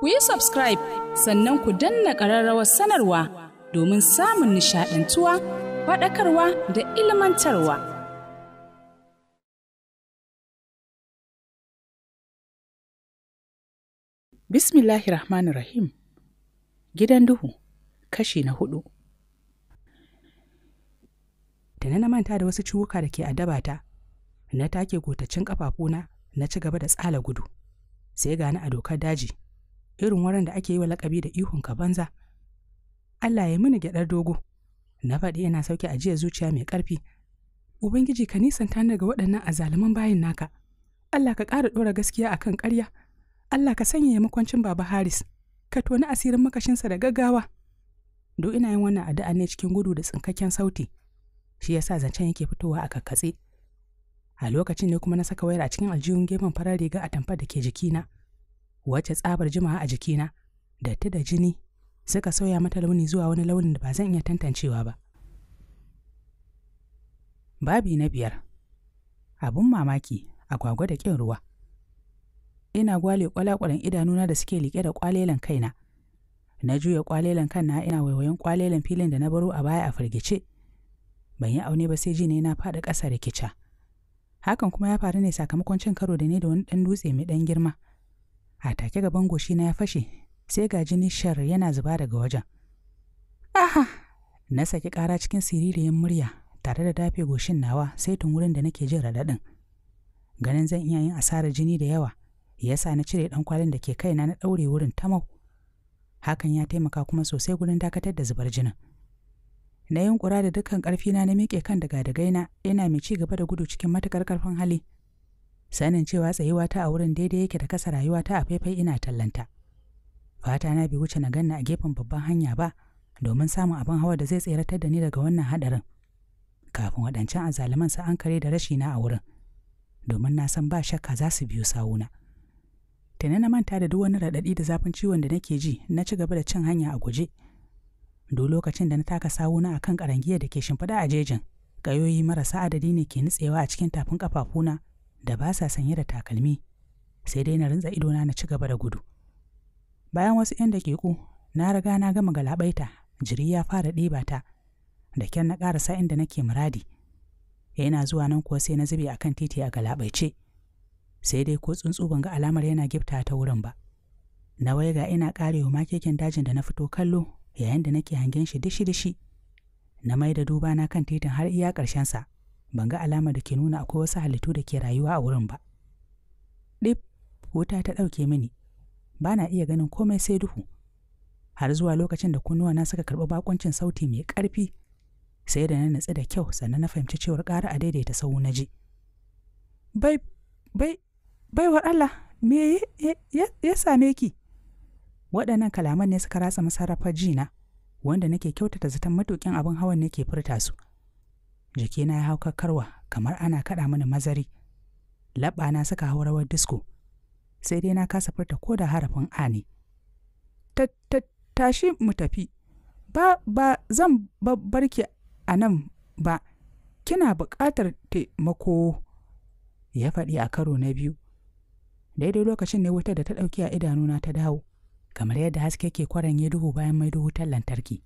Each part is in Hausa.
ku yi subscribe sannan ku danna ƙararrawar sanarwa domin samun nishaɗantuwa faɗakarwa da ilmantarwa. Bismillahirrahmanirrahim Rahim Gidan Duhu Kashi na hudu Da na manta da wasu ciwuka da ke adabata, na take gotacin ƙafafuna na ci gaba da tsala gudu, sai gani a dokar daji. irin wurin da ake yi wa lakabi da ihun ka banza Allah ya mini gyadar dogo na faɗi yana sauki ajiyar zuciya mai ƙarfi Ubangiji ka nisanta daga waɗannan azaluman bayin naka Allah ka ƙara ɗora gaskiya akan ƙarya Allah ka sanya makwancin Baba Haris ka toni asirin makashinsa da gaggawa do ina yin wannan addu'a ne cikin gudu da tsinkakken sauti shi yasa zancen yake fitowa a kakkatse a lokacin ne kuma na saka wayar a cikin aljihun gefen farar riga a tamfar da ke jikina wacce tsabar jimawa a jikina datti da jini suka sauya mata launi zuwa wani launin da ba zan iya tantancewa ba babi na biyar abun mamaki agwagwa da ƙin ruwa ina gwale kwalakwalen idanuna da suke liƙe da kwalelan kaina na juya kwalelan na, ina waiwayen kwalelan filin da na baro a baya a firgice ban yi aune ba sai ji ne na faɗi ƙasa rikica hakan kuma ya faru ne sakamakon cin karo da ne da wani ɗan dutse mai ɗan girma a take gaban goshi na ya fashe sai ga jini shar yana zuba daga wajen aha na saki ƙara cikin siririyin murya tare da dafe goshin nawa sai tun wurin da nake jin raɗaɗin ganin zan iya yin asarar jini da yawa yasa na cire ɗan kwalin da ke kaina na ɗaure wurin tamau hakan ya taimaka kuma sosai gurin dakatar da zubar jinin na yunkura da dukkan ƙarfina na miƙe kan daga dagaina ina mai ci gaba da gudu cikin matuƙar ƙarfin hali sanin cewa tsayuwata ta a wurin daidai yake da kasa rayuwa ta a faifai ina tallanta fata na bi wuce na ganna a gefen babban hanya ba domin samun abin hawa da zai tseratar da ni daga wannan hadarin kafin waɗancan azaliman sa an kare da rashi na a wurin domin na san ba shakka za su biyo sawuna tana na manta da duk wani raɗaɗi da zafin ciwon da nake ji na ci gaba da cin hanya a guje duk lokacin da na taka sawuna akan karangiyar da ke shimfiɗa a jejin ƙayoyi marasa adadi ne ke nutsewa a cikin tafin ƙafafuna da ba sa sanye da takalmi sai dai na rinza idona na ci gaba da gudu bayan wasu 'yan daƙiƙu na riga na gama galabaita jiri ya fara ɗeba ta da kyan na ƙarasa inda nake muradi yana zuwa nan kuwa sai na zube a kan titi a galabaice sai dai ko tsuntsu ban ga alamar yana gifta ta wurin ba na wai ga ina ƙarewa keken dajin da na fito kallo yayin da nake hangen shi dishi-dishi na mai da duba na kan titin har iya ƙarshensa ban ga alamar da ke nuna akwai wasu halittu da ke rayuwa a wurin ba. Ɗif, wuta ta ɗauke mini, ba na iya ganin komai sai duhu. Har zuwa lokacin da kunnuwa na suka karɓi bakoncin sauti mai ƙarfi, sai da na natsu da kyau sannan na fahimci cewar ƙara a daidaita sau na ji. Bai, bai, baiwar Allah, me ya same ki? Waɗannan kalaman ne suka ratsa masarrafar jina, wanda nake kyautata zaton matuƙin abin hawan nake furta su. jikina ya hau kakkarwa kamar ana kaɗa mini mazari na suka hau rawar disko sai dai na kasa furta ko da harafin a ne tashi mu tafi ba ba zan barki a nan ba kina buƙatar taimako ya faɗi a karo na biyu daidai lokacin ne wutar da ta ɗauki a idanuna ta dawo kamar yadda haske ke kwaranye duhu bayan mai duhu wutar lantarki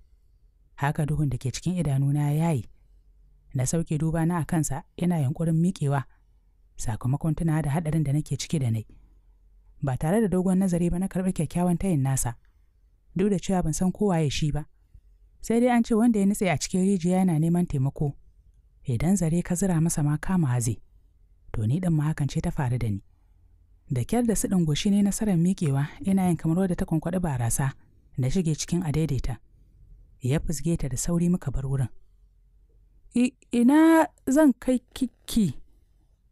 haka duhun da ke cikin idanuna ya yayi Na sauke duba na a kansa yana yunkurin miƙewa sakamakon tuna da haɗarin da nake ciki da nai ba tare da dogon nazari ba na karɓi kyakkyawan tayin nasa duk da cewa ban san kowa ya shi ba sai dai an ce wanda ya nutse a cikin rijiya yana neman taimako idan zare ka zira masa ma kama haze to ni ɗin ma hakan ce ta faru da ni da kyar da su goshi ne nasarar miƙewa ina yin kamar wadda ta kwankwaɗi barasa da shige cikin adaidaita ya fusge ta da sauri muka bar wurin ina zan kai kiki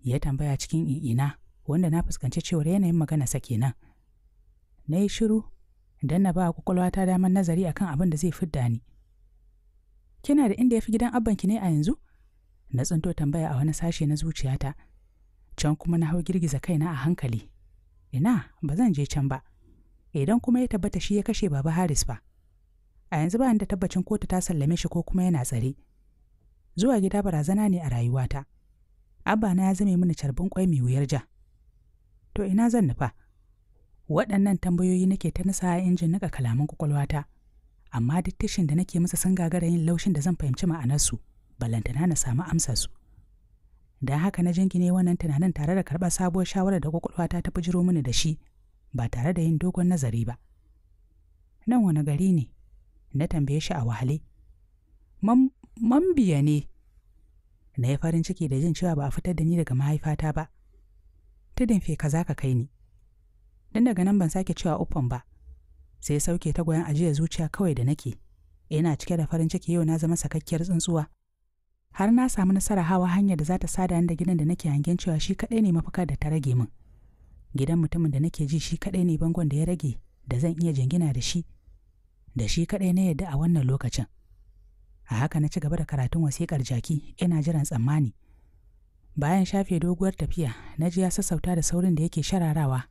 ya tambaya cikin ina wanda na fuskanci cewar yanayin magana sa nan. na yi shiru don na ba kwakwalwata damar nazari akan abin da zai fidda ni kina da inda ya fi gidan abbanki ne a yanzu na tsinto tambaya a wani sashe na zuciyata can kuma na hau girgiza kaina a hankali ina ba zan je can ba idan kuma ya tabbata shi ya kashe baba haris ba a yanzu ba da tabbacin kotu ta sallame shi ko kuma yana tsare zuwa gida barazana ne a rayuwata abba na ya zame mini carbin kwai mai wuyar ja to ina zan nufa waɗannan tambayoyi nake ta nasa injin nika kalaman kwakwalwata amma duk tashin da nake masa sun gagara yin laushin da zan fahimci ma'anarsu balantana na samu amsa su don haka na jingine wannan tunanin tare da karɓar sabuwar shawarar da kwakwalwata ta jiro mini da shi ba tare da yin dogon nazari ba nan wani gari ne na tambaye shi a wahale mambiya ne na yi farin ciki da jin cewa ba a fitar da ni daga mahaifata ba tudin fe kaza ka kai ni don daga nan ban sake cewa uffan ba sai sauke ta goyon ajiya zuciya kawai da nake ina cike da farin ciki yau na zama sakakkiyar tsuntsuwa har na samu nasara hawa hanyar da za ta sada da gidan da nake hangen cewa shi kaɗai ne mafaka da ta rage min gidan mutumin da nake ji shi kaɗai ne bangon da ya rage da zan iya jingina da shi da shi kaɗai na yadda a wannan lokacin a haka na ci gaba da karatun wasikar jaki ina jiran tsammani bayan shafe doguwar tafiya na ji ya sassauta da saurin da yake shararawa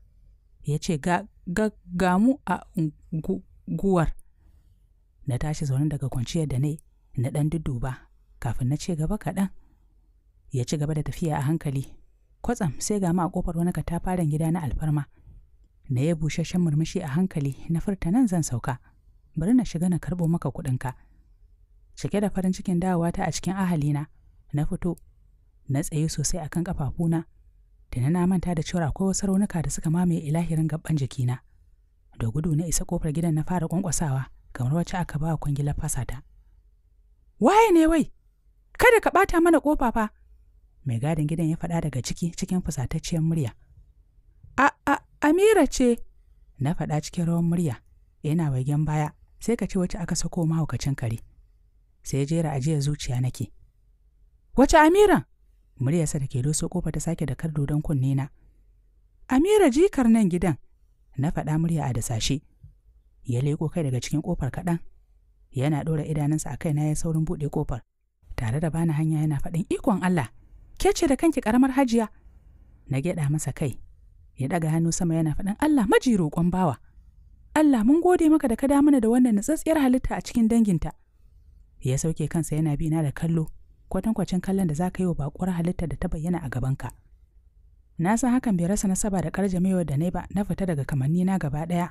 ya ce ga gamu a guwar na tashi zaune daga kwanciyar da ne na ɗan dudduba kafin na ce gaba kaɗan ya ci gaba da tafiya a hankali kwatsam sai ga ma a ƙofar wani katafaren gida na alfarma na ya busasshen murmushi a hankali na furta nan zan sauka bari na shiga na karɓo maka kuɗinka. ka cike da farin cikin ta a cikin ahalina na fito na tsaye sosai akan kafafuna da na manta da cewa akwai wasu raunuka da suka mamaye ilahirin gaban jikina da gudu na isa kofar gidan na fara kwankwasawa kamar wacce aka ba wa kwangilar fasata waye ne wai kada ka bata mana kofa fa mai gadin gidan ya faɗa daga ciki cikin fusatacciyar murya a a amira ce na faɗa cikin rawan murya yana wagen baya sai ka ce wacce aka sako mahaukacin kare sai ya jera ajiyar zuciya nake wace amira muryarsa da ke doso kofa ta sake da kardo don kunne na amira jikar nan gidan na faɗa murya a dasashe ya leko kai daga cikin kofar kaɗan yana ɗora idanunsa a na ya saurin buɗe kofar tare da bani hanya yana faɗin ikon Allah ke ce da kanki karamar hajiya na gyaɗa masa kai ya ɗaga hannu sama yana faɗin Allah maji roƙon bawa Allah mun gode maka da ka da mana da wannan natsatsiyar halitta a cikin danginta ya sauke kansa yana bi na da kallo kwatankwacin kallon da za ka yi wa bakuwar halitta da ta bayyana a gabanka na san hakan bai rasa nasaba da karjamewar da na ba na fita daga kamanni na gaba ɗaya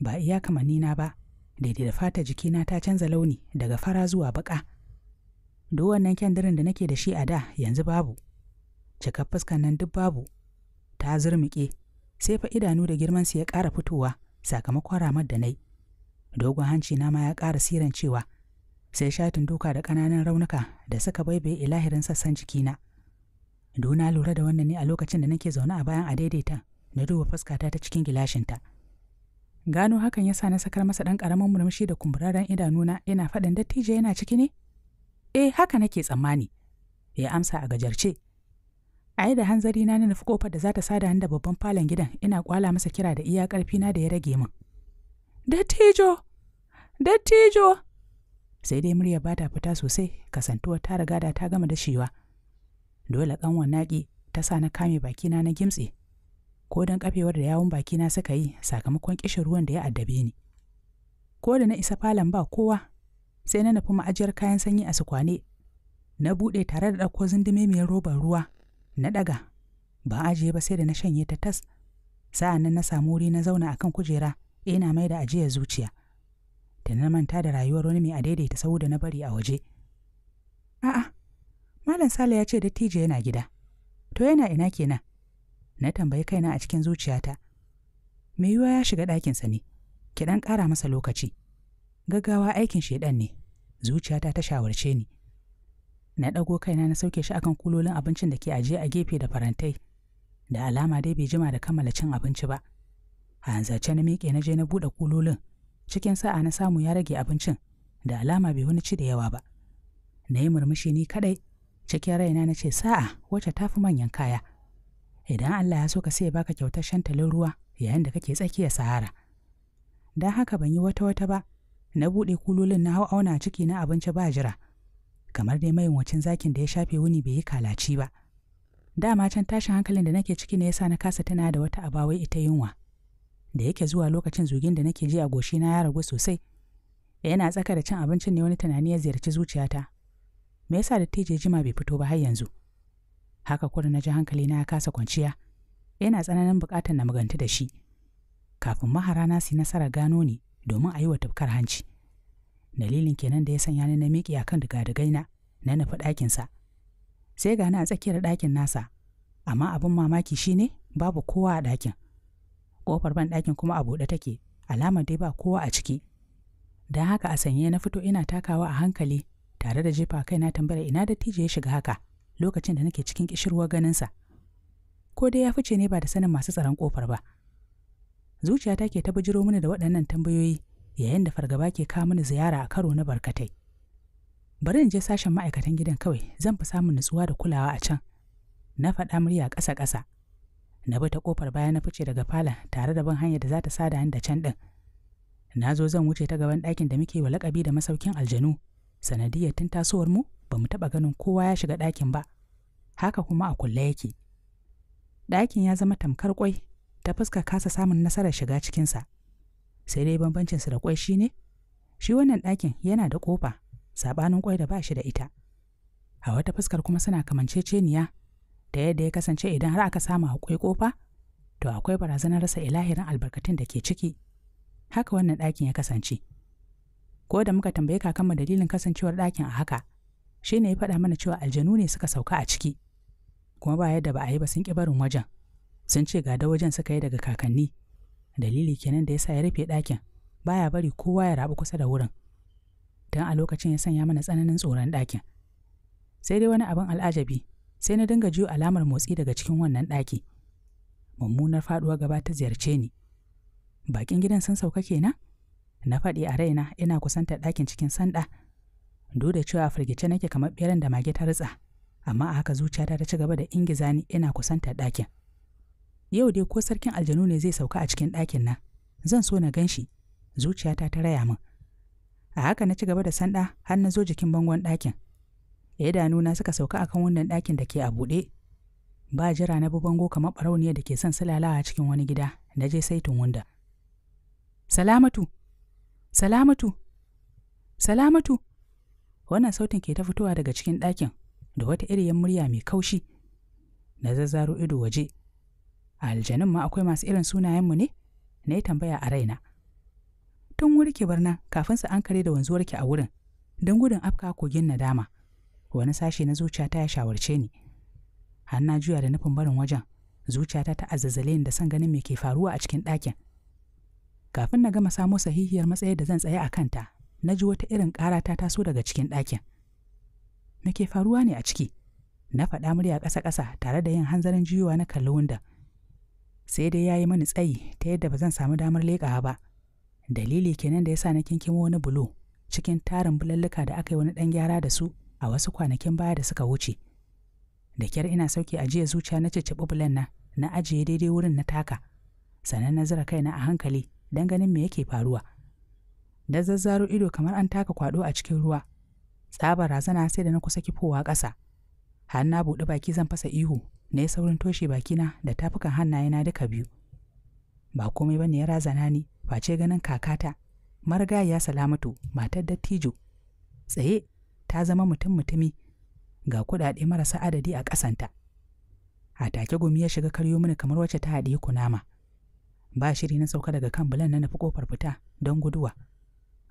ba iya kamanni na ba daidai da fata jikina ta canza launi daga fara zuwa baka duk wannan kyandirin da nake da shi a da yanzu babu cikar fuskan nan duk babu ta zurmuke sai fa idanu da girman su ya ƙara fitowa sakamakon ramar da nai dogon hanci na ma ya ƙara siran cewa sai shatin duka da ƙananan raunuka da suka baibaye ilahirin sassan jikina. Duna lura da wannan ne a lokacin da nake zaune a bayan a daidaita na duba fuskata ta cikin gilashinta. Gano hakan ya sa na sakar masa ɗan ƙaramin murmushi da kumburaren idanuna ina faɗin dattijo yana ciki ne? Eh haka nake tsammani. Ya amsa a gajarce. A yi da hanzari na nufi kofar da za ta sada da babban falon gidan ina kwala masa kira da iya na da ya rage min. Dattijo! Dattijo! sai dai murya ba ta fita sosai kasantuwar ta riga da ta gama dashewa dole ƙanwan naƙi ta sa na kame bakina na gimtse ko don kafewar da yawun bakina suka yi sakamakon kishin ruwan da ya addabe ni ko da na isa falon ba kowa sai na nufi ma'ajiyar kayan sanyi a sukwane na bude tare da ɗauko mai robar ruwa na ɗaga ba ajiye ba sai da na shanye ta tas sa'annan na samu wuri na zauna akan kujera ina mai da ajiyar zuciya da na manta da rayuwar wani mai daidaita sau da na bari a waje. A'a, Malam Sale ya ce dattijo yana gida. To yana ina kenan? Na tambayi kaina a cikin zuciyata. Me yiwuwa ya shiga ɗakinsa ne, ki ɗan ƙara masa lokaci. Gaggawa aikin shaiɗan ne, zuciyata ta shawarce ni. Na ɗago kaina na sauke shi akan kulolin abincin da ke ajiye a gefe da farantai. Da alama dai bai jima da kammala cin abinci ba. A hanzarce na miƙe na je na buɗe kulolin. cikin sa'a na samu ya rage abincin da alama bai wani ci da yawa ba na yi murmushi ni kaɗai cikin raina na ce sa'a wacce ta fi manyan kaya idan Allah ya so ka sai baka kyautar shantalin ruwa yayin da kake tsakiyar sahara don haka ban yi wata wata ba na buɗe kulolin na hau auna ciki na abinci ba jira kamar dai mayin zakin da ya shafe wuni bai yi kalaci ba dama can tashin hankalin da nake ciki ne yasa na kasa tana da wata abawai ita yunwa da yake zuwa lokacin zugin da nake ji a na ya ragu sosai da yana tsaka da cin abincin ne wani tunani ya ziyarci zuciyata me yasa da tije jima bai fito ba har yanzu haka kudu na ji hankali na ya kasa kwanciya yana tsananin buƙatar na magantu da shi kafin mahara na si nasara gano ni domin a yi wa tafkar hanci dalilin kenan da ya sanya ni na miƙe akan digadigai na na nufi ɗakinsa sai ga a tsakiyar ɗakin nasa amma abin mamaki shine babu kowa a ɗakin kofar banɗakin kuma a buɗe take alamar dai ba kowa a ciki don haka a sanye na fito ina takawa a hankali tare da jefa kai na tambayar ina da ya shiga haka lokacin da nake cikin ƙishirwar ganinsa ko dai ya fice ne ba da sanin masu tsaron kofar ba zuciyata ke ta bijiro mini da waɗannan tambayoyi yayin da fargaba ke kawo mini ziyara a karo na barkatai bari in je sashen ma'aikatan gidan kawai zan fi samun nutsuwa da kulawa a can na faɗa murya ƙasa-ƙasa na bi ta kofar baya na fice daga falon tare da bin hanyar da za ta sada da can ɗin. Na zo zan wuce ta gaban ɗakin da muke wa lakabi da masaukin aljanu, sanadiyar tun tasowar mu ba mu taɓa ganin kowa ya shiga ɗakin ba, haka kuma a kulle yake. Ɗakin ya zama tamkar kwai ta fuska kasa samun nasarar shiga cikinsa. Sai dai bambancinsa da kwai shi ne, shi wannan ɗakin yana da ƙofa, saɓanin kwai da ba shi da ita. A wata fuskar kuma suna kamanceceniya ta yadda ya kasance idan har aka samu akwai kofa to akwai barazanar rasa ilahirin albarkatun da ke ciki haka wannan ɗakin ya kasance ko da muka tambaye kakanmu dalilin kasancewar ɗakin a haka shi ne ya faɗa mana cewa aljanu ne suka sauka a ciki kuma ba yadda ba a yi ba sun ƙi barin wajen sun ce ga da wajen suka yi daga kakanni dalili kenan da ya sa ya rufe ɗakin baya bari kowa ya rabu kusa da wurin don a lokacin ya sanya mana tsananin tsoron ɗakin sai dai wani abin al'ajabi sai na dinga jiyo alamar motsi daga cikin wannan ɗaki mummunar faɗuwa gaba ta ziyarce ni bakin gidan sun sauka kenan na faɗi a raina ina kusanta ɗakin cikin sanda duk da cewa firgice nake kamar ɓeran da mage ta ritsa amma a haka zuciyata ta ci gaba da ingiza ni ina kusantar ɗakin yau dai ko sarkin aljanu ne zai sauka a cikin ɗakin nan zan so na gan shi zuciyata ta raya min a haka na ci gaba da sanda har na zo jikin bangon ɗakin ya idanuna suka sauka akan wannan ɗakin da ke a buɗe ba jira na bi bango kamar barauniya da ke son sulalawa cikin wani gida na je saitin wanda. salamatu salamatu salamatu wannan sautin ke ta fitowa daga cikin ɗakin da wata yan murya mai kaushi na zazzaro ido waje a aljanun ma akwai masu irin sunayen mu ne na yi tambaya a raina tun wuri ke barna kafin su an kare da wanzuwarki a wurin don gudun afka kogin nadama. wani sashe na zuciyata ya shawarce ni Hanna juya da nufin barin wajen zuciyata ta azazzale da san ganin me ke faruwa a cikin ɗakin kafin na gama samo sahihiyar matsayar da zan tsaye a kanta na ji wata irin ƙara ta taso daga cikin ɗakin me ke faruwa ne a ciki na faɗa murya ƙasa-ƙasa tare da yin hanzarin jiyowa na kalli wunda sai dai ya yi mani tsayi ta yadda ba zan samu damar leƙawa ba dalili kenan da ya sa na kinkimo wani bulo cikin tarin bulalluka da aka yi wani ɗan gyara da su a wasu kwanakin baya da suka wuce da kyar ina sauke ajiya zuciya na cicciɓi bulan na na ajiye daidai wurin na taka sannan na zira kaina a hankali don ganin me yake faruwa da zazzaro ido kamar an taka kwado a cikin ruwa tsabar razana sai da na kusa kifowa ƙasa har na buɗe baki zan fasa ihu na yi saurin toshe bakina da tafukan hannayena duka biyu ba komai ba ne ya razana ni face ganin kakata ya salamatu matar dattijo tsaye ta zama mutum mutumi ga kuɗaɗe marasa adadi a kasanta. a take gumi ya shiga karyo mini kamar wacce ta haɗe kunama ba shiri na sauka daga kan bulan na nufi kofar fita don guduwa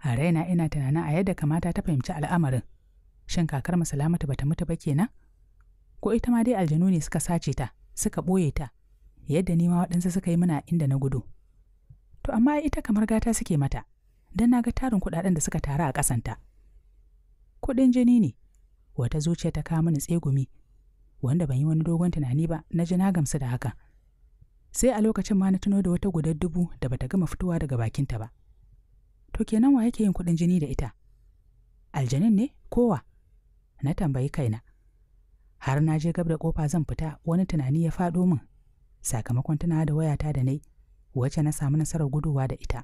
a raina ina tunanin a yadda kamata ta fahimci al'amarin shin kakar salamatu bata mutu ba kenan ko ita ma dai aljanu ne suka sace ta suka ɓoye ta yadda nima waɗansu suka yi mana inda na gudu to amma ita kamar gata suke mata don na ga tarin kuɗaɗen da suka taru a kasanta. kuɗin jini ne wata zuciya ta kawo mini tsegumi wanda ban yi wani dogon tunani ba na ji na gamsu da haka sai a lokacin ma na tuno da wata gudar dubu da bata gama fitowa daga bakinta ba to kenan wa yake yin kuɗin jini da ita aljanin ne kowa na tambayi kaina har na je gab da kofa zan fita wani tunani ya faɗo min sakamakon tunawa da wayata da nai wacce na samu nasarar guduwa da ita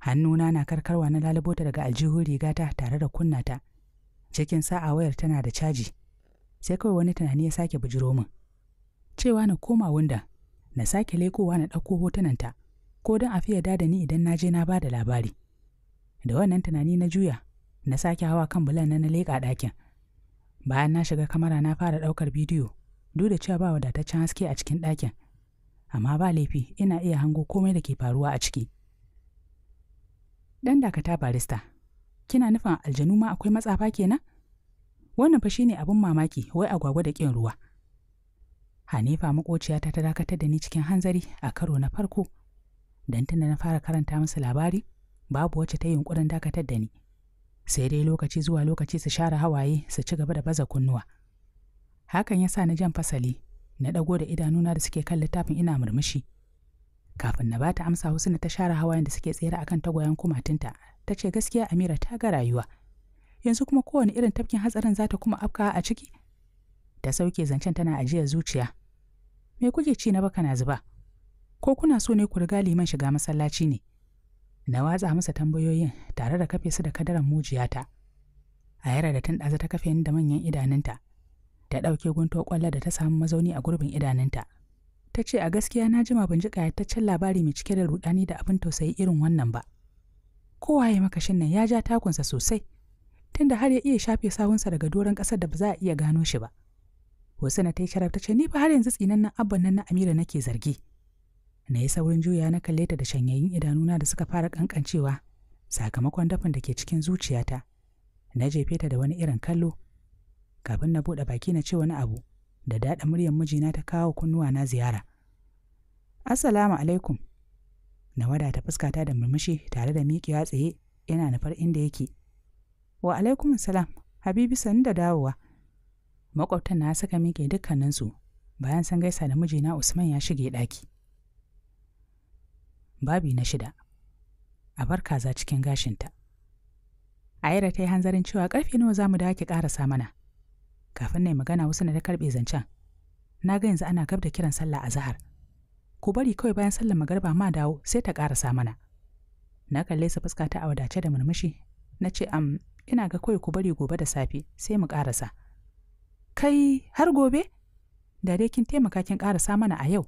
hannuna na karkarwa na lalabota daga aljihun rigata tare da kunnata cikin sa'a wayar tana da caji sai kawai wani tunani ya sake bujiro min cewa na koma wunda na sake lekowa na ɗauko hotunanta ko don a fiye da ni idan na je na bada labari da wannan tunani na juya na sake hawa kan bulan na na leƙa ɗakin bayan na shiga kamara na fara ɗaukar bidiyo duk da cewa ba wadataccen haske a cikin ɗakin amma ba laifi ina iya hango komai da ke faruwa a ciki Dan dakata barista, kina nufin aljanu ma akwai matsafa kenan? Wannan fa ne abin mamaki wai agwagwa da ƙin ruwa. Hanifa makociyata ta dakatar da ni cikin hanzari a karo na farko. Dan tunda na fara karanta musu labari, babu wacce ta yunƙurin dakatar da ni. Sai dai lokaci zuwa lokaci su share hawaye su ci gaba da baza kunnuwa. Hakan ya sa na jan fasali, na ɗago da idanuna da suke kan littafin ina murmushi. kafin na bata amsa husna ta share hawayen da suke tsere akan tagwayen kumatinta ta ce gaskiya amira ta ga rayuwa yanzu kuma kowane irin tafkin hatsarin za ta kuma afka a ciki ta sauke zancen tana ajiyar zuciya me kuke ci na baka na zuba ko kuna so ne ku riga liman shiga masallaci ne na watsa masa tambayoyin tare da kafe su da kadaran mujiyata a yara da tun ɗaza ta kafe da manyan idanunta ta ɗauke gunto ƙwallo da ta samu mazauni a gurbin idanunta ta ce a gaskiya na jima ban ji ƙayataccen labari mai cike da rudani da abin tausayi irin wannan ba kowa ya makashin nan ya ja takunsa sosai tunda har ya iya shafe sawunsa daga doron ƙasar da ba za a iya gano shi ba na ta yi sharaf ta ce ni fa har yanzu nan abban nan na Amira nake zargi. Na yi saurin juya na kalle ta da shanyayin idanuna da suka fara kankancewa sakamakon dafin da ke cikin zuciyata. Na jefe ta da wani irin kallo kafin na buɗe baki na ce wani abu. da daɗa muryar mijina ta kawo kunnuwa na ziyara assalamu alaikum na ta fuskata da murmushi tare da miƙewa tsaye yana nufar inda yake wa alaikum salam habibi sani da dawowa maƙwabtan na saka miƙe dukkaninsu bayan san gaisa da mijina usman ya shige ɗaki babi na shida a bar kaza cikin gashinta A ta yi hanzarin cewa ƙarfe nawa za mu dawo ƙarasa mana kafin na yi magana wasu na ta karɓe zancen na ga yanzu ana gab da kiran sallah a zahar. ku bari kawai bayan sallar magarba ma dawo sai ta ƙarasa mana na kalle su fuska ta a wadace da murmushi na ce am ina ga kawai ku bari gobe da safe sai mu ƙarasa kai har gobe da dai kin taimaka kin ƙarasa mana a yau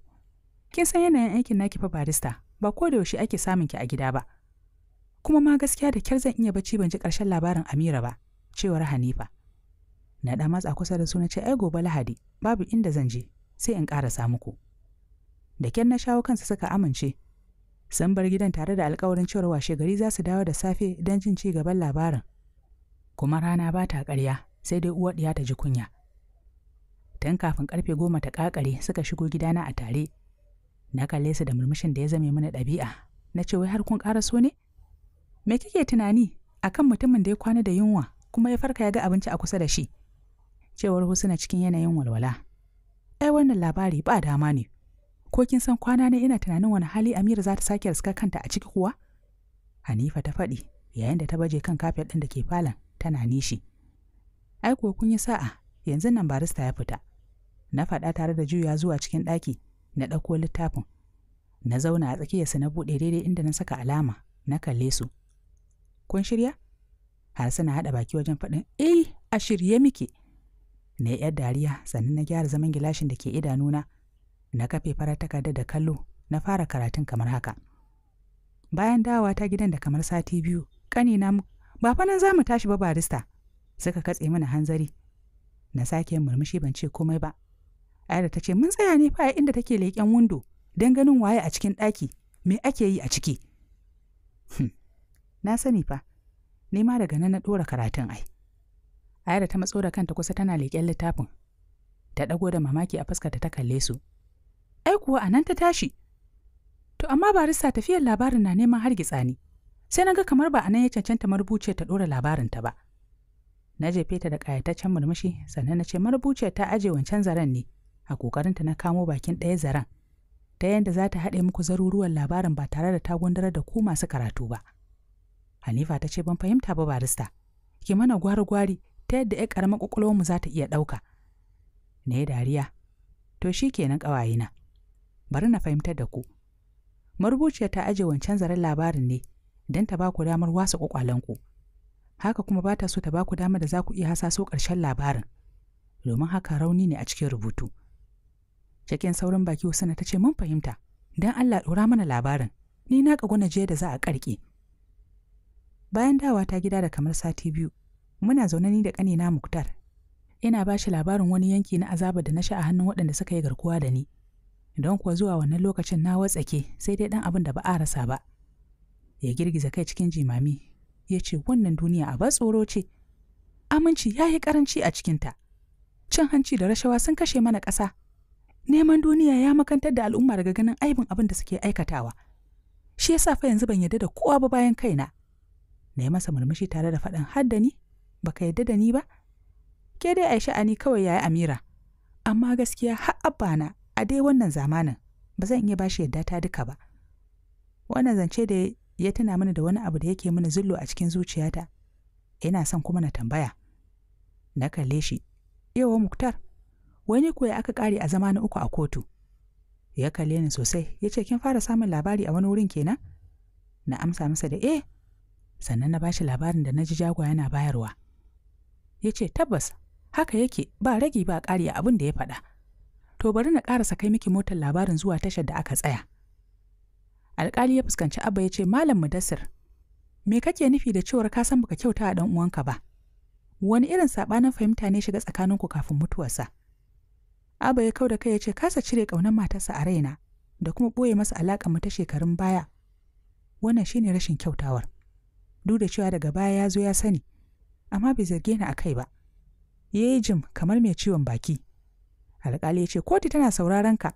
kin san yanayin aikin naki fa barista ba ko da yaushe ake samun ki a gida ba kuma ma gaskiya da kyar zan iya bacci ban ji ƙarshen labarin Amira ba cewar Hanifa na ɗan matsa kusa da su na ce ai gobe lahadi babu inda zan je sai in ƙarasa muku da kyan na shawo kansa suka amince sun bar gidan tare da alkawarin cewar washe gari za su dawo da safe don jin ci gaban labarin kuma rana ba ta ƙarya sai dai uwar ɗiya ta ji kunya tun kafin karfe goma ta ƙaƙare suka shigo gidana a tare na kalle su da murmushin da ya zame mana ɗabi'a na ce wai har kun ƙara ne me kike tunani akan mutumin da ya kwana da yunwa kuma ya farka ya ga abinci a kusa da shi cewar na cikin yanayin walwala ai wannan labari ba dama ne ko kin san kwana ne ina tunanin wani hali amira za ta sake riska kanta a ciki kuwa hanifa ta faɗi yayin da ta baje kan kafet ɗin da ke falon tana nishi ai kuwa kun yi sa'a yanzu nan barista ya fita na faɗa tare da juya zuwa cikin ɗaki na ɗauko littafin na zauna a tsakiyarsa na buɗe daidai inda na saka alama na kalle su kun shirya har suna haɗa baki wajen faɗin eh a shirye muke na ‘yar dariya sannan na gyara zaman gilashin da ke idanuna na kafe farar takarda da kallo na fara karatun kamar haka bayan dawa ta gidan da kamar sati biyu ƙanina ba fa nan za mu tashi ba barista suka katse mana hanzari na sake murmushi ban ce komai ba ayar ta ce mun tsaya ne fa inda take leƙen windo don ganin waye a cikin ɗaki me ake yi a ciki hmm, na sani fa nema daga nan na ɗora karatun ai Aida ta matso da kanta kusa tana leƙen littafin. Ta ɗago da mamaki a fuskarta ta kalle su. Ai kuwa a nan ta tashi. To amma barista tafiyar labarin na neman hargitsa ni. Sai na ga kamar ba a nan ya cancanta marubuciyar ta ɗora ta ba. Na jefe ta da ƙayataccen murmushi sannan na ce marubuciyar ta aje wancan zaren ne a ta na kamo bakin ɗaya zaren. Ta yadda za ta haɗe muku zaruruwan labarin ba tare da ta gundara da ku masu karatu ba. Hanifa ta ce ban fahimta ba barista. Ki mana gwari-gwari ta yadda ya ƙaramar ƙwaƙwalwarmu za ta iya ɗauka. Na yi dariya, to shi kenan ƙawayena. Bari na fahimtar da ku. Marubuciya ta aje wancan zaren labarin ne don ta ba ku damar wasa ƙwaƙwalanku. Haka kuma ba ta so ta ba ku damar da za ku iya hasaso ƙarshen labarin. Domin haka rauni ne a cikin rubutu. Cikin saurin baki Husna ta ce mun fahimta, don Allah ɗora mana labarin. Ni na ƙaguna je da za a ƙarƙe. Bayan dawa ta gida da kamar sati biyu, muna zaune ni da ƙanina Muktar. Ina ba shi labarin wani yanki na azaba da na sha a hannun waɗanda suka yi garkuwa da ni. Don kuwa zuwa wannan lokacin na watsake sai dai ɗan abin da ba a rasa ba. Ya girgiza kai cikin jimami, ya ce wannan duniya a tsoro ce. Aminci ya yi ƙaranci a cikinta. Cin hanci da rashawa sun kashe mana ƙasa. Neman duniya ya makantar da al'umma daga ganin aibin abin da suke aikatawa. Shi yasa fa yanzu ban yarda da kowa ba bayan kaina. Na yi masa murmushi tare da faɗin har da ni. baka yadda da ni ba ke dai a sha'ani kawai yayi amira amma gaskiya har na, a dai wannan zamanin ba zan iya bashi yadda ta duka ba wannan zance da ya tuna mana da wani abu da yake mana zullo a cikin zuciyata ina son kuma na tambaya na kalle shi yawa muktar wani ko aka kare a zama na uku a kotu ya kalle ni sosai ya ce kin fara samun labari a wani wurin kenan na amsa masa da eh sannan na bashi labarin da na ji jagora yana bayarwa ya ce tabbas haka yake ba ragi ba ƙari a abin da ya faɗa to bari na ƙarasa kai miki motar labarin zuwa tashar da aka tsaya alƙali ya fuskanci abba ya ce malam mudassir me kake nufi da cewar ka san baka kyauta a dan uwanka ba wani irin saɓanin fahimta ne shiga tsakaninku kafin mutuwarsa abba ya kau da kai ya ce kasa cire ƙaunar matarsa a raina da kuma ɓoye masa alaƙar mu ta shekarun baya wannan shine rashin kyautawar duk da cewa daga baya ya zo ya sani amma bai zarge ni a kai ba ya yi jim kamar mai ciwon baki alƙali ya ce kotu tana sauraron ka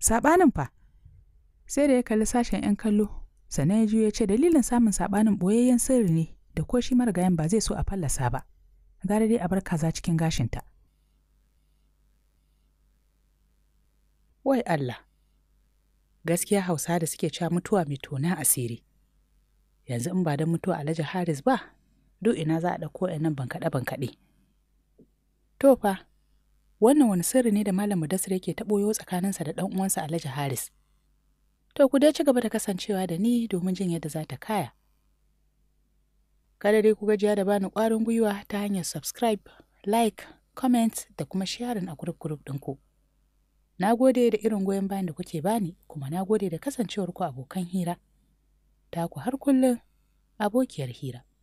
saɓanin fa sai da ya kalli sashen 'yan kallo sannan ya juyo ya ce dalilin samun saɓanin ɓoyayyen sirri ne da ko shi marigayen ba zai so a fallasa ba gara dai a bar kaza cikin gashinta wai Allah gaskiya hausa da suke ca mutuwa mai tona asiri yanzu in ba don mutuwa alhaji haris ba duk ina za a ɗauko nan bankaɗe-bankaɗe. To fa, wannan wani sirri ne da Malam Mudassir yake ta ɓoyo tsakaninsa da ɗan uwansa Alhaji Haris. To ku dai ci gaba da kasancewa da ni domin jin yadda za ta kaya. Kada dai ku gajiya da bani ƙwarin gwiwa ta hanyar subscribe, like, comment da kuma sharing a group group ɗinku. Na gode da irin goyon bayan da kuke bani kuma na gode da kasancewarku abokan hira. Ta ku har kullum abokiyar hira.